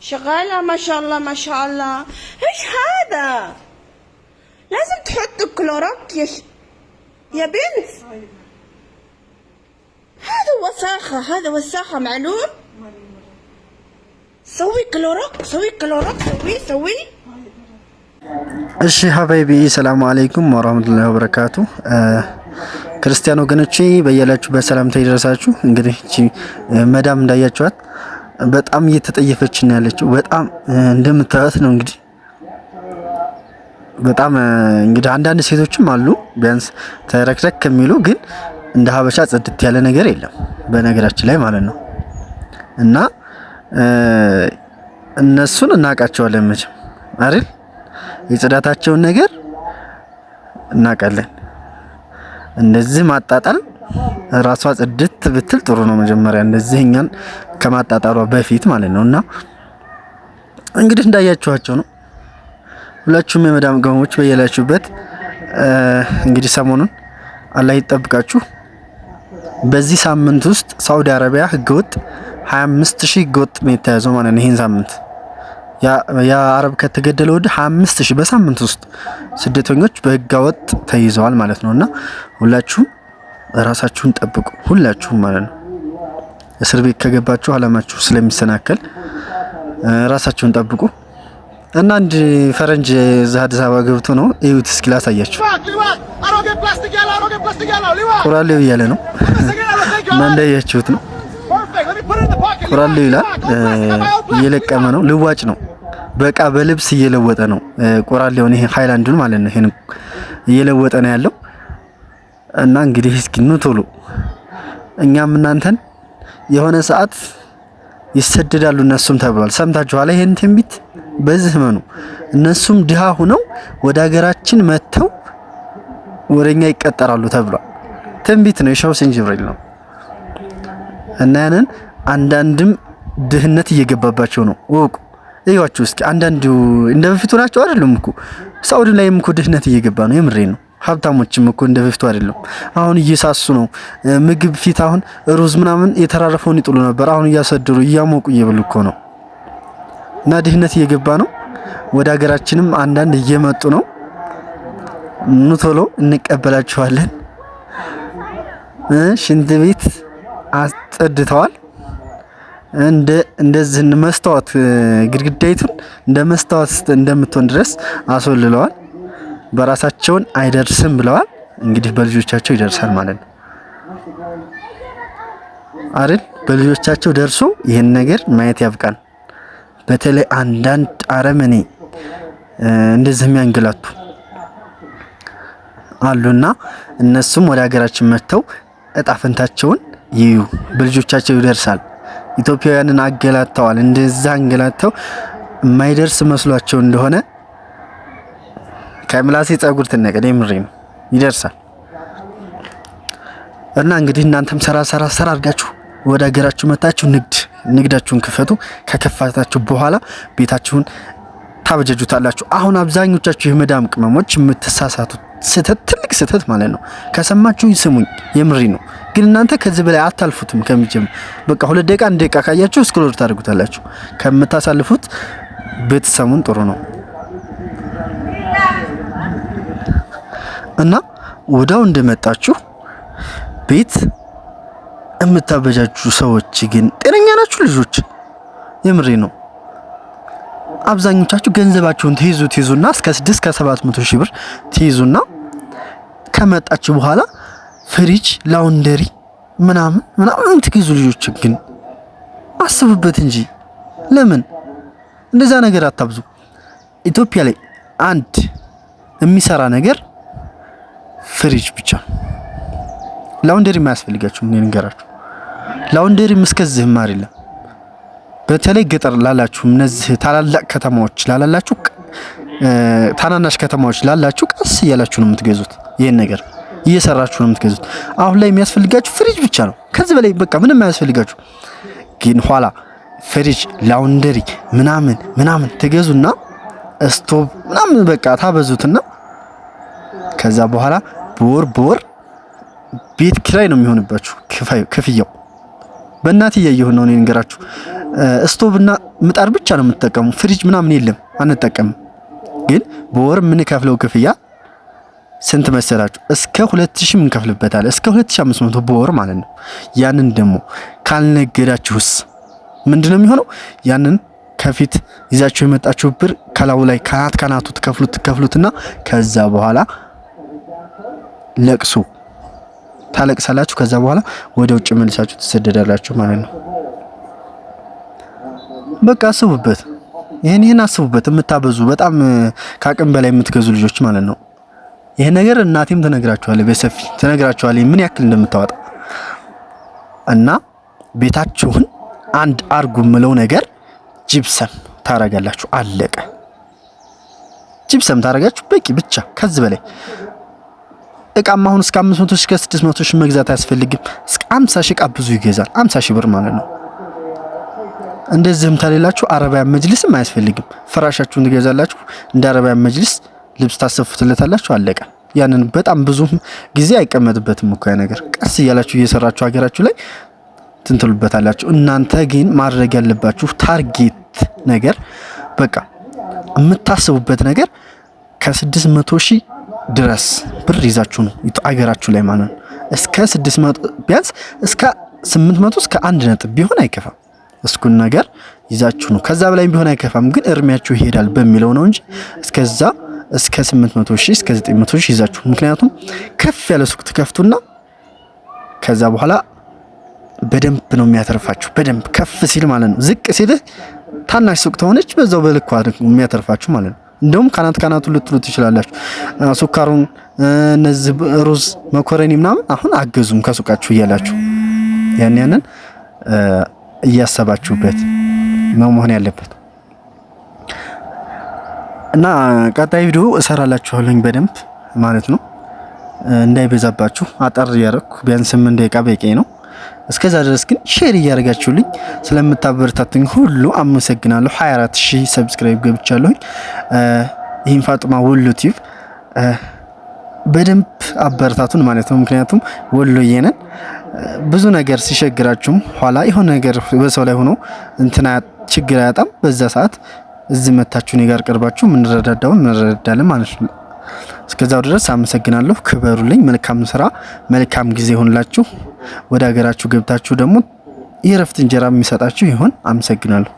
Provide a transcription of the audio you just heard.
شغالة ما شاء الله ما شاء الله ايش هذا لازم تحط كلوروك يا ش... يا بنت هذا وساخة هذا وساخة معلوم سوي كلوروك سوي كلوروك سوي سوي እሺ ሀባይቢ ሰላሙ አለይኩም ወራህመቱላሂ ወበረካቱ። ክርስቲያን ወገኖቼ በያላችሁ በሰላምታ ይደረሳችሁ። እንግዲህ መዳም እንዳያችኋት በጣም እየተጠየፈች ነው ያለችው። በጣም እንደምታዩት ነው እንግዲህ በጣም እንግዲህ አንዳንድ ሴቶችም አሉ ቢያንስ ተረክረክ ከሚሉ ግን እንደ ሀበሻ ጽድት ያለ ነገር የለም በነገራችን ላይ ማለት ነው። እና እነሱን እናውቃቸዋለን መቼም አይደል የጽዳታቸውን ነገር እናውቃለን። እንደዚህ ማጣጣል ራሷ ጽድት ብትል ጥሩ ነው። መጀመሪያ እንደዚህ እኛን ከማጣጣሯ በፊት ማለት ነው። እና እንግዲህ እንዳያችኋቸው ነው። ሁላችሁም የመዳም ቅመሞች በየላችሁበት እንግዲህ ሰሞኑን አላህ ይጠብቃችሁ። በዚህ ሳምንት ውስጥ ሳውዲ አረቢያ ህገወጥ 25 ሺህ ህገወጥ ነው የተያዘው ማለት ነው። ይህን ሳምንት የአረብ ከተገደለ ወደ 25 በሳምንት ውስጥ ስደተኞች በህገወጥ ተይዘዋል ማለት ነው እና ሁላችሁም ራሳችሁን ጠብቁ፣ ሁላችሁም ማለት ነው። እስር ቤት ከገባችሁ አላማችሁ ስለሚሰናከል ራሳችሁን ጠብቁ። እና አንድ ፈረንጅ እዛ አዲስ አበባ ገብቶ ነው እዩት እስኪ ላሳያችሁ። ቁራሌው እያለ ነው እና እንዳያችሁት ነው ቁራሌው ይላል። እየለቀመ ነው፣ ልዋጭ ነው። በቃ በልብስ እየለወጠ ነው ቁራሌውን፣ ይሄ ሀይላንዱን ማለት ነው። ይሄን እየለወጠ ነው ያለው እና እንግዲህ እስኪ ኑ ቶሎ እኛም እናንተን የሆነ ሰዓት ይሰደዳሉ እነሱም ተብሏል። ሰምታችኋል ይሄን ትንቢት። በዚህ መኑ እነሱም ድሃ ሆነው ወደ ሀገራችን መጥተው ወደኛ ይቀጠራሉ ተብሏል። ትንቢት ነው፣ የሸውሴን ጅብሪል ነው። እና ያንን አንዳንድም ድህነት እየገባባቸው ነው። ወቁ እያችሁ እስኪ አንዳንዱ እንደበፊቱ ናቸው አይደሉም እኮ ሳውዲ ላይም እኮ ድህነት እየገባ ነው። የምሬ ነው። ሀብታሞችም እኮ እንደ በፊቱ አይደለም። አሁን እየሳሱ ነው ምግብ ፊት አሁን ሩዝ ምናምን የተራረፈውን ይጥሉ ነበር። አሁን እያሰደሩ እያሞቁ እየበሉ እኮ ነው። እና ድህነት እየገባ ነው። ወደ ሀገራችንም አንዳንድ እየመጡ ነው። ኑ ቶሎ እንቀበላችኋለን። ሽንት ቤት አስጠድተዋል። እንደ እንደዚህ መስታወት ግድግዳይቱን እንደ መስታወት እንደምትሆን ድረስ አስወልለዋል። በራሳቸውን አይደርስም ብለዋል። እንግዲህ በልጆቻቸው ይደርሳል ማለት ነው አይደል? በልጆቻቸው ደርሶ ይህን ነገር ማየት ያብቃል። በተለይ አንዳንድ አረመኔ እንደዚህ የሚያንገላቱ አሉና እነሱም ወደ ሀገራችን መጥተው እጣፈንታቸውን ይዩ። በልጆቻቸው ይደርሳል። ኢትዮጵያውያንን አገላተዋል። እንደዛ አንገላተው የማይደርስ መስሏቸው እንደሆነ ከምላሴ ጸጉር ትነቀል የምሬ ነው ይደርሳል። እና እንግዲህ እናንተም ሰራ ሰራ ሰራ አድርጋችሁ ወደ ሀገራችሁ መታችሁ ንግድ ንግዳችሁን ክፈቱ። ከከፋታችሁ በኋላ ቤታችሁን ታበጀጁታላችሁ። አሁን አብዛኞቻችሁ የመዳም ቅመሞች የምትሳሳቱት ስህተት ትልቅ ስህተት ማለት ነው። ከሰማችሁኝ ስሙኝ፣ የምሪ ነው። ግን እናንተ ከዚህ በላይ አታልፉትም። ከሚጀም በቃ ሁለት ደቂቃ አንድ ደቂቃ ካያችሁ እስክሎር ታደርጉታላችሁ። ከምታሳልፉት ቤተሰቡን ጥሩ ነው። እና ወዳው እንደመጣችሁ ቤት የምታበጃጁ ሰዎች ግን ጤነኛ ናችሁ ልጆች? የምሬ ነው። አብዛኞቻችሁ ገንዘባችሁን ትይዙ ትይዙና እስከ 6 እስከ 700 ሺህ ብር ትይዙና ከመጣችሁ በኋላ ፍሪጅ፣ ላውንደሪ ምናምን ምናምን ትይዙ። ልጆች። ግን አስቡበት እንጂ ለምን እንደዛ ነገር አታብዙ። ኢትዮጵያ ላይ አንድ የሚሰራ ነገር ፍሪጅ ብቻ። ላውንደሪ አያስፈልጋችሁም። ምን ንገራችሁ ላውንደሪም እስከዚህም አይደለም። በተለይ ገጠር ላላችሁ እነዚህ ታላላቅ ከተማዎች ላላላችሁ ታናናሽ ከተማዎች ላላችሁ ቀስ እያላችሁ ነው የምትገዙት። ይህን ነገር እየሰራችሁ ነው የምትገዙት። አሁን ላይ የሚያስፈልጋችሁ ፍሪጅ ብቻ ነው። ከዚህ በላይ በቃ ምንም አያስፈልጋችሁ። ግን ኋላ ፍሪጅ፣ ላውንደሪ ምናምን ምናምን ትገዙና ስቶቭ ምናምን በቃ ታበዙትና ከዛ በኋላ በወር በወር ቤት ኪራይ ነው የሚሆንባችሁ ክፍያው። በእናት እያየሁን ነው እኔ እንገራችሁ። ስቶቭና ምጣድ ብቻ ነው የምትጠቀሙ። ፍሪጅ ምናምን የለም አንጠቀምም። ግን በወር የምንከፍለው ክፍያ ስንት መሰላችሁ? እስከ 2000 እንከፍልበታል። እስከ 2500 በወር ማለት ነው። ያንን ደግሞ ካልነገዳችሁስ ምንድነው የሚሆነው? ያንን ከፊት ይዛችሁ የመጣችሁ ብር ከላዩ ላይ ካናት ካናቱ ትከፍሉት ትከፍሉትና ከዛ በኋላ ለቅሱ ታለቅሳላችሁ። ከዛ በኋላ ወደ ውጭ መልሳችሁ ትሰደዳላችሁ ማለት ነው። በቃ አስቡበት፣ ይህን ይህን አስቡበት። የምታበዙ በጣም ከአቅም በላይ የምትገዙ ልጆች ማለት ነው። ይህ ነገር እናቴም ትነግራችኋለች፣ በሰፊ ትነግራችኋለች ምን ያክል እንደምታወጣ እና ቤታችሁን አንድ አርጉ ምለው ነገር ጅብሰም ታረጋላችሁ። አለቀ። ጅብሰም ታረጋችሁ በቂ ብቻ። ከዚህ በላይ እቃም አሁን እስከ 500 እስከ 600 ሺህ መግዛት አያስፈልግም። እስከ 50 ሺህ እቃ ብዙ ይገዛል። 50 ሺህ ብር ማለት ነው። እንደዚህም ተሌላችሁ አረቢያን መጅልስም አያስፈልግም። ፍራሻችሁን ትገዛላችሁ። እንደ አረቢያን መጅልስ ልብስ ታሰፉትለታላችሁ። አለቀ። ያንን በጣም ብዙ ጊዜ አይቀመጥበትም እኮ ያ ነገር። ቀስ እያላችሁ እየሰራችሁ ሀገራችሁ ላይ ትንትሉበታላችሁ። እናንተ ግን ማድረግ ያለባችሁ ታርጌት ነገር በቃ የምታስቡበት ነገር ከስድስት መቶ ሺህ ድረስ ብር ይዛችሁ ነው አገራችሁ ላይ ማለት ነው። እስከ ስድስት መቶ ቢያንስ እስከ ስምንት መቶ እስከ አንድ ነጥብ ቢሆን አይከፋም። እስኩን ነገር ይዛችሁ ነው ከዛ በላይ ቢሆን አይከፋም፣ ግን እድሜያችሁ ይሄዳል በሚለው ነው እንጂ እስከዛ እስከ 800 ሺህ እስከ 900 ሺህ ይዛችሁ ምክንያቱም ከፍ ያለ ሱቅ ትከፍቱና ከዛ በኋላ በደንብ ነው የሚያተርፋችሁ። በደንብ ከፍ ሲል ማለት ነው። ዝቅ ሲልህ ታናሽ ሱቅ ተሆነች በዛው በልኩ የሚያተርፋችሁ ማለት ነው። እንደውም ካናት ካናቱ ልትሉ ትችላላችሁ። ሱካሩን፣ እነዚህ ሩዝ፣ መኮረኒ ምናምን አሁን አገዙም ከሱቃችሁ እያላችሁ ያን ያንን እያሰባችሁበት ነው መሆን ያለበት እና ቀጣይ ቪዲዮ እሰራላችኋለኝ በደንብ ማለት ነው። እንዳይበዛባችሁ አጠር ያደረኩ ቢያንስ ስምንት ደቂቃ በቂ ነው። እስከዛ ድረስ ግን ሼር እያደረጋችሁልኝ ስለምታበረታትኝ ሁሉ አመሰግናለሁ። 24 ሺህ ሰብስክራይብ ገብቻለሁኝ። ይህን ፋጡማ ወሎ ቲዩብ በደንብ አበረታቱን ማለት ነው። ምክንያቱም ወሎ ወሎዬንን ብዙ ነገር ሲሸግራችሁም ኋላ የሆነ ነገር በሰው ላይ ሆኖ እንትና ችግር አያጣም። በዛ ሰዓት እዚህ መታችሁ እኔ ጋር ቀርባችሁ ምንረዳዳውን እንረዳዳለን ማለት ነው። እስከዛው ድረስ አመሰግናለሁ። ክበሩልኝ። መልካም ስራ፣ መልካም ጊዜ ይሆንላችሁ። ወደ ሀገራችሁ ገብታችሁ ደግሞ የእረፍት እንጀራ የሚሰጣችሁ ይሆን። አመሰግናለሁ።